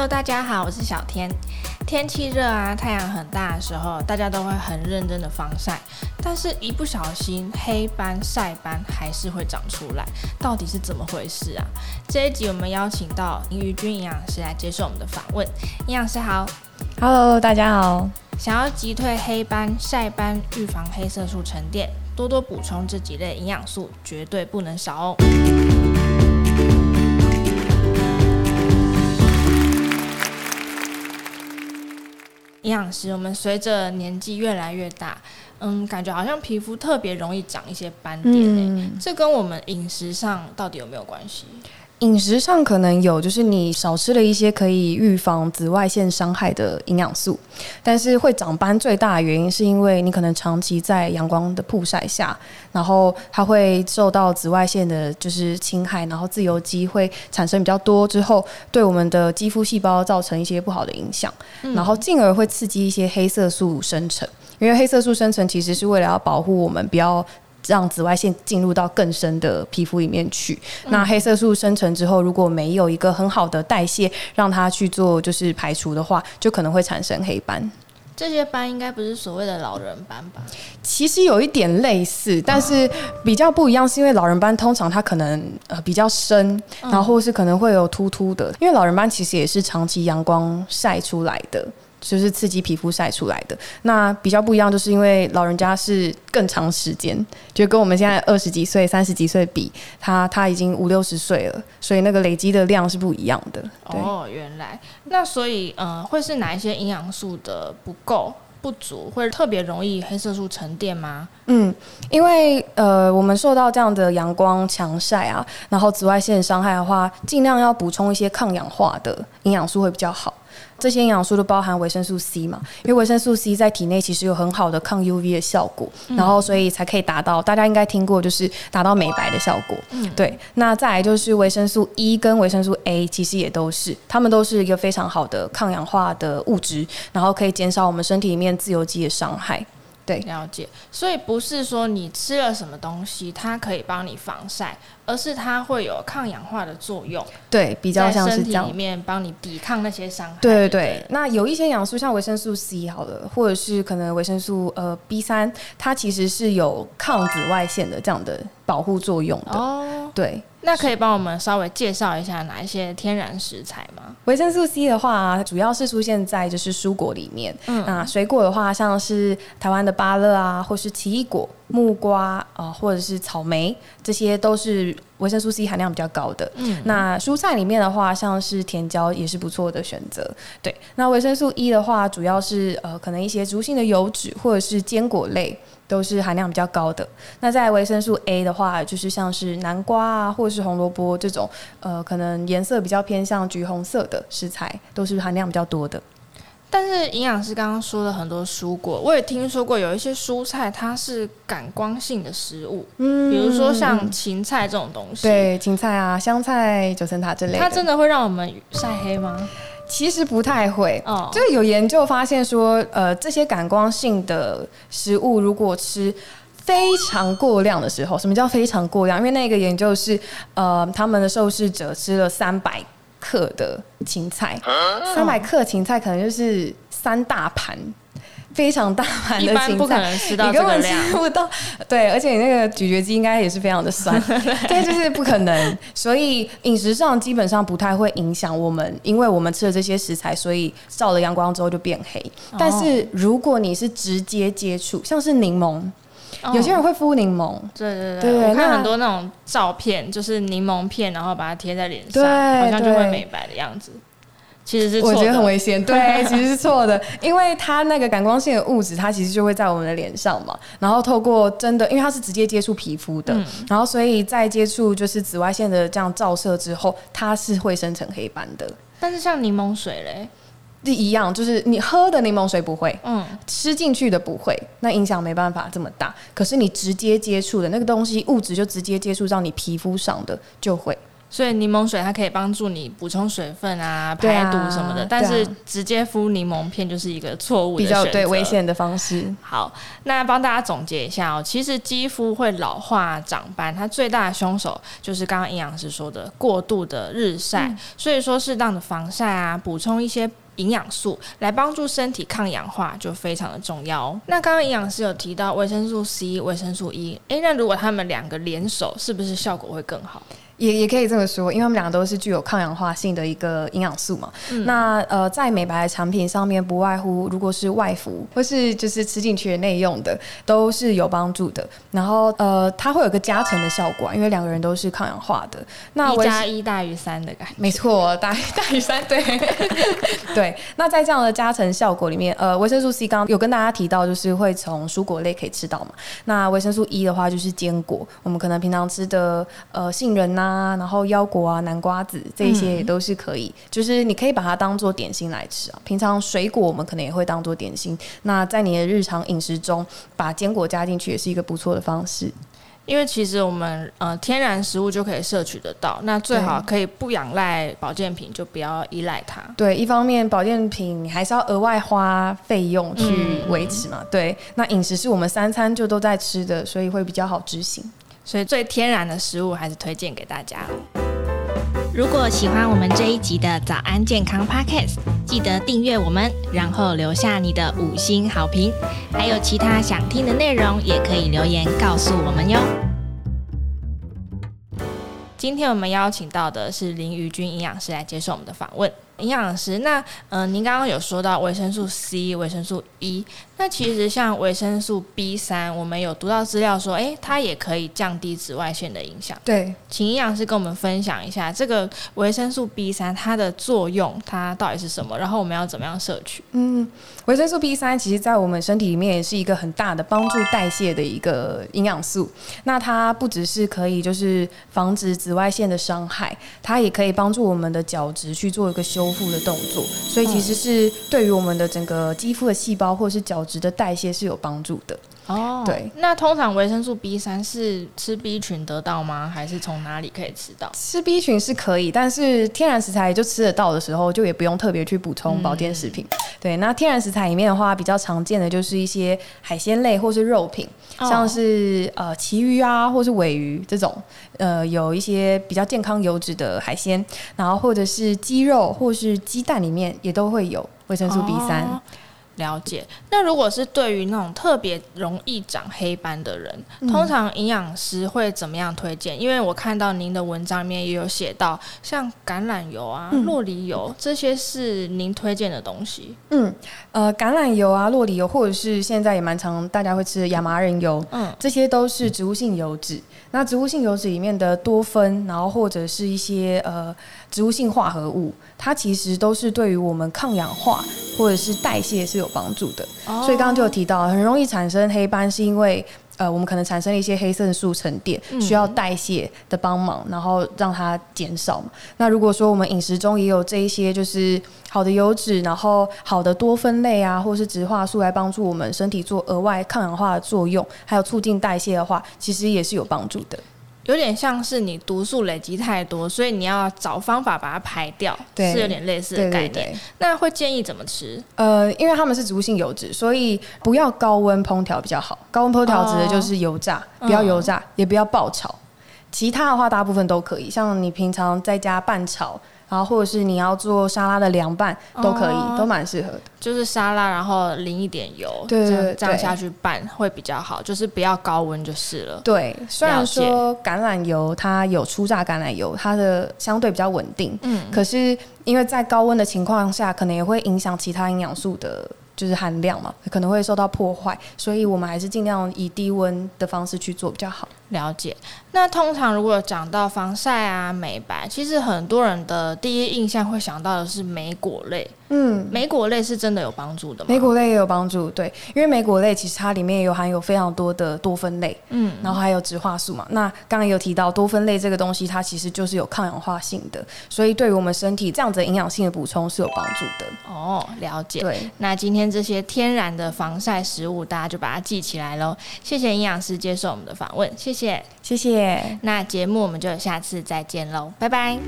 Hello，大家好，我是小天。天氣熱啊，太陽很大的時候，大家都會很認真的防曬，但是，一不小心，黑斑、曬斑還是會長出來，到底是怎麼回事啊？這一集我們邀請到俞君營養師來接受我們的訪問。營養師好，Hello，大家好。想要擊退黑斑、曬斑，預防黑色素沉澱，多多補充這幾類營養素絕對不能少哦。營養師，我們隨着年紀越來越大，嗯，感覺好像皮膚特別容易長一些斑點，嗯，這跟我們飲食上到底有沒有關係？飲食上可能有，就是你少吃了一些可以預防紫外線傷害的營養素，但是會長斑最大的原因是因為你可能長期在陽光的曝曬下，然後它會受到紫外線的，就是侵害，然後自由基會產生比較多之後，對我們的肌膚細胞造成一些不好的影響，嗯，然後進而會刺激一些黑色素生成，因為黑色素生成其實是為了要保護我們不要，讓紫外線進入到更深的皮膚裡面去。嗯。那黑色素生成之後，如果沒有一個很好的代謝，讓它去做就是排除的話，就可能會產生黑斑。這些斑應該不是所謂的老人斑吧？其實有一點類似，但是比較不一樣，是因為老人斑通常它可能呃比較深，然後是可能會有凸凸的。因為老人斑其實也是長期陽光曬出來的。就是刺激皮膚曬出來的，那比較不一樣，就是因為老人家是更長時間，就跟我們現在二十幾歲、三十幾歲比，他他已經五六十歲了，所以那個累積的量是不一樣的。哦，原來。那所以嗯、呃，會是哪一些營養素的不夠、不足，會特別容易黑色素沉澱嗎？嗯，因為呃，我們受到這樣的陽光強曬啊，然後紫外線傷害的話，盡量要補充一些抗氧化的營養素會比較好。這些營養素都包含維生素 C 嘛？因為維生素 C 在體內其實有很好的抗 UV 的效果，嗯、然後所以才可以達到大家應該聽過，就是達到美白的效果。嗯、對，那再來就是維生素 E 跟維生素 A，其實也都是，它們都是一個非常好的抗氧化的物質，然後可以減少我們身體裡面自由基的傷害。對，了解。所以不是說你吃了什麼東西，它可以幫你防曬。而是它會有抗氧化的作用，對，比較像是這樣，在裡面幫你抵抗那些傷害。對對，對那有一些營養素，像維生素 C 好了，或者是可能維生素呃 B 三，它其實是有抗紫外線的這樣的保護作用的。哦，對，那可以幫我們稍微介紹一下哪一些天然食材嗎？維生素 C 的話，主要是出現在就是蔬果裡面，嗯、啊、水果的話，像是台灣的芭樂啊，或是奇異果。木瓜啊、呃，或者是草莓，這些都是維生素 C 含量比較高的。嗯，那蔬菜裡面的話，像是甜椒也是不錯的選擇。對，那維生素 E 的話，主要是呃，可能一些植物性的油脂或者是堅果類都是含量比較高的。那在維生素 A 的話，就是像是南瓜啊，或者是紅蘿蔔這種呃，可能顏色比較偏向橘紅色的食材，都是含量比較多的。但是營養師剛剛說了很多蔬果，我也聽說過有一些蔬菜它是感光性的食物，嗯，比如說像芹菜這種東西，嗯、對，芹菜啊、香菜、九層塔這類，它真的會讓我們曬黑嗎？嗯，其實不太會，哦，就有研究發現說，呃，這些感光性的食物如果吃非常過量的時候，什麼叫非常過量？因為那個研究是，呃，他們的受試者吃了三百。克的芹菜，三百、啊、克芹菜可能就是三大盤，非常大盤的芹菜，不可能吃到這個量。對，而且你那個咀嚼肌應該也是非常的酸， 對，對，就是不可能。所以飲食上基本上不太會影響我們，因為我們吃了這些食材，所以照了陽光之後就變黑。哦、但是如果你是直接接觸，像是檸檬。Oh, 有些人會敷檸檬，對對對，對我看很多那種照片，那就是檸檬片，然後把它貼在臉上，對好像就會美白的樣子。對其實是錯的我覺得很危險，對，對吧其實是錯的， 因為它那個感光性的物質，它其實就會在我們的臉上嘛，然後透過真的，因為它是直接接觸皮膚的，嗯、然後所以在接觸就是紫外線的這樣照射之後，它是會生成黑斑的。但是像檸檬水嘞。第一樣就是你喝的檸檬水不會，嗯，吃進去的不會，那影響沒辦法這麼大。可是你直接接觸的那個東西物質就直接接觸到你皮膚上的就會，所以檸檬水它可以幫助你補充水分啊，排毒什麼的。啊、但是直接敷檸檬片就是一個錯誤比較對危險的方式。好，那幫大家總結一下哦、喔，其實肌膚會老化長斑，它最大的兇手就是剛剛營養師說的過度的日曬，嗯、所以說適當的防曬啊，補充一些。營養素來幫助身體抗氧化，就非常的重要哦。那剛剛營養師有提到維生素 C、維生素 E，誒，那如果他們兩個聯手，是不是效果會更好？也也可以這麼說，因為他們兩個都是具有抗氧化性的一個營養素嘛。嗯、那呃，在美白的產品上面，不外乎如果是外敷或是就是吃進去的內用的，都是有幫助的。然後呃，它會有個加成的效果，因為兩個人都是抗氧化的。那一加一大於三的感覺。沒錯、哦，大大於三，對 對。那在這樣的加成效果裡面，呃，維生素 C 剛有跟大家提到，就是會從蔬果類可以吃到嘛。那維生素 E 的話，就是堅果，我們可能平常吃的呃杏仁吶、啊。啊，然後腰果啊、南瓜子這些也都是可以，嗯、就是你可以把它當做點心來吃啊。平常水果我們可能也會當做點心，那在你的日常飲食中把堅果加進去也是一個不錯的方式。因為其實我們呃天然食物就可以攝取得到，那最好可以不仰賴保健品，就不要依賴它。對，一方面保健品還是要額外花費用去維持嘛。嗯、對，那飲食是我們三餐就都在吃的，所以會比較好執行。所以最天然的食物還是推薦給大家。如果喜歡我們這一集的早安健康 Podcast，記得訂閱我們，然後留下你的五星好評。還有其他想聽的內容，也可以留言告訴我們喲。今天我們邀請到的是林俞君營養師來接受我們的訪問。營養師，那嗯、呃，您剛剛有說到維生素 C、維生素 E，那其實像維生素 B 三，我們有讀到資料說，哎、欸，它也可以降低紫外線的影響。對，請營養師跟我們分享一下這個維生素 B 三它的作用，它到底是什麼，然後我們要怎麼樣攝取？嗯，維生素 B 三其實，在我們身體裡面也是一個很大的幫助代謝的一個營養素。那它不只是可以就是防止紫外線的傷害，它也可以幫助我們的角質去做一個修。的動作，所以其實是對於我們的整個肌膚的細胞或者是角質的代謝是有幫助的。哦，oh, 對，那通常維生素 B 三是吃 B 群得到嗎？還是從哪裡可以吃到？吃 B 群是可以，但是天然食材就吃得到的時候，就也不用特別去補充保健食品。嗯、對，那天然食材裡面的話，比較常見的就是一些海鮮類或是肉品，像是、oh. 呃旗魚啊或是鮪魚這種，呃有一些比較健康油脂的海鮮，然後或者是雞肉或是雞蛋裡面也都會有維生素 B 三。Oh. 了解。那如果是對於那種特別容易長黑斑的人，嗯、通常營養師會怎麼樣推薦？因為我看到您的文章裡面也有寫到，像橄欖油啊、嗯、酪梨油這些是您推薦的東西。嗯，呃，橄欖油啊、酪梨油，或者是現在也蠻常大家會吃的亞麻仁油，嗯，這些都是植物性油脂。那植物性油脂裡面的多酚，然後或者是一些呃植物性化合物，它其實都是對於我們抗氧化。或者是代謝是有幫助的，oh. 所以剛剛就有提到，很容易產生黑斑，是因為呃我們可能產生一些黑色素沉澱，需要代謝的幫忙，然後讓它減少嘛。那如果說我們飲食中也有這一些就是好的油脂，然後好的多酚類啊，或是植化素來幫助我們身體做額外抗氧化的作用，還有促進代謝的話，其實也是有幫助的。有點像是你毒素累積太多，所以你要找方法把它排掉，對對對對，是有點類似的概念。那會建議怎麼吃？呃，因為它們是植物性油脂，所以不要高溫烹調比較好。高溫烹調指的就是油炸，哦、不要油炸，嗯、也不要爆炒。其他的話，大部分都可以。像你平常在家拌炒。然後或者是你要做沙拉的涼拌都可以，哦、都蠻適合的。就是沙拉，然後淋一點油，對這樣這樣下去拌會比較好。對就是不要高溫就是了。對，解雖然說橄欖油它有初榨橄欖油，它的相對比較穩定。嗯，可是因為在高溫的情況下，可能也會影響其他營養素的。就是含量嘛，可能會受到破壞，所以我們還是盡量以低溫的方式去做比較好。了解。那通常如果講到防曬啊、美白，其實很多人的第一印象會想到的是莓果類。嗯，莓果類是真的有幫助的嗎？莓果類也有幫助，對，因為莓果類其實它裡面也有含有非常多的多酚類，嗯，然後還有植化素嘛。那剛剛也有提到多酚類這個東西，它其實就是有抗氧化性的，所以對於我們身體這樣子營養性的補充是有幫助的。哦，了解。對，那今天。這些天然的防曬食物，大家就把它記起來嘍。謝謝營養師接受我們的訪問，謝謝謝謝。那節目我們就下次再見嘍，拜拜。